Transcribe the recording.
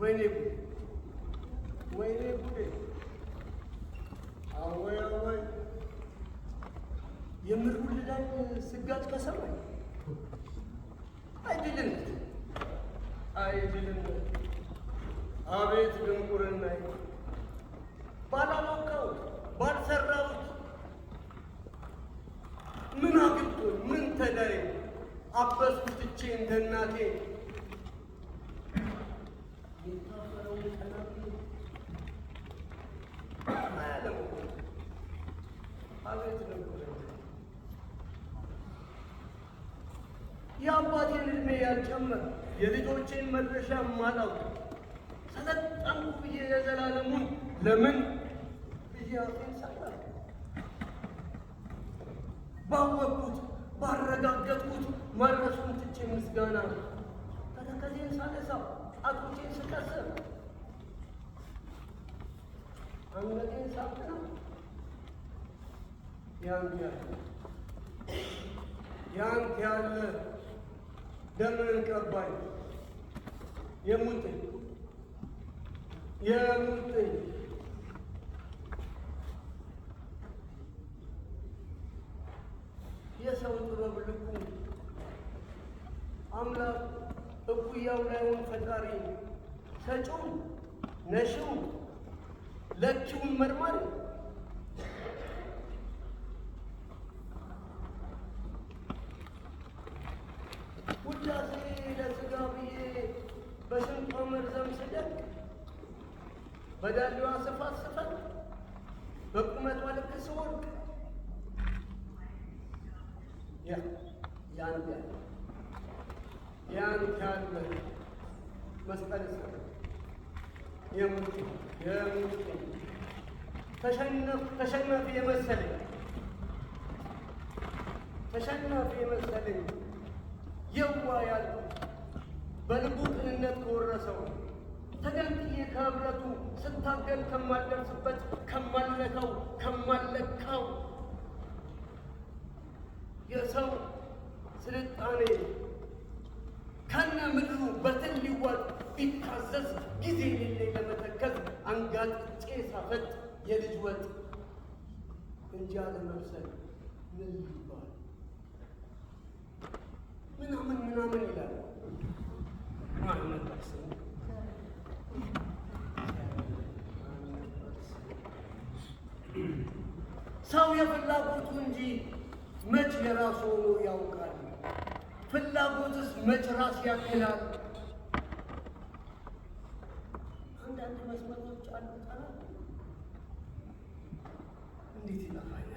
ወይኔ ወይኔ ጉዴ አወይ አወይ የምር ጉልዳን ስጋጭ ከሰማኝ አይድልነት አይድልነት አቤት ድንቁርና ባላወቀው ባልሰራሁት ምን አግብቶኝ ምን ተዳይ አበስኩት ትቼ እንደ እናቴ የአባቴን እድሜ ያልጨመረ የልጆቼን መድረሻ ማላውቅ ሰለጠንኩ ብዬ የዘላለሙን ለምን ብዬ አፌን ሳላ ባወቅኩ ያረጋገጥኩት መድረሱን ትቼ ምስጋና ነው። ተተከዜን ሳነሳ ጣቶቼን ስቀስር አንገቴን ሳቅነው ያንተ ያለ ያንተ ያለ ደምን ቀባይ የሙጥኝ የሙጥኝ የሰው ጥበብ ልኩ አምላክ እኩያው ላይሆን ፈጣሪ ሰጪው ነሺው ለኪውን መርማሪ ውዳሴ ለስጋ ብዬ በስንቷ መርዘም ስደቅ በዳሌዋ ስፋት ስፈት በቁመቷ ልክ ስወድቅ ያንተ ያንተ ያለ መስቀል ስር የሙት የሙት ተሸነፍ ተሸናፊ የመሰለኝ ተሸናፊ የመሰለኝ የዋ ያልኩ በልቡ ቅንነት ከወረሰው ተገልጥዬ ከህብረቱ ስታገል ከማልደርስበት ከማልነካው ስልጣኔ ከነ ምድሩ በትን ሊዋጥ ቢታዘዝ ጊዜ የሌለኝ ለመተከል አንጋጥጬ ሳፈጥ የልጅ ወጥ እንጂ አለመብሰል ምን ይባል ምናምን ምናምን ይላል። ሰው የፍላጎቱ እንጂ መች የራሱ ሆኖ ያውቃል። ፍላጎትስ መች ያክላል? አንዳንድ መስመሮች አሉ። እንዴት ይለፋል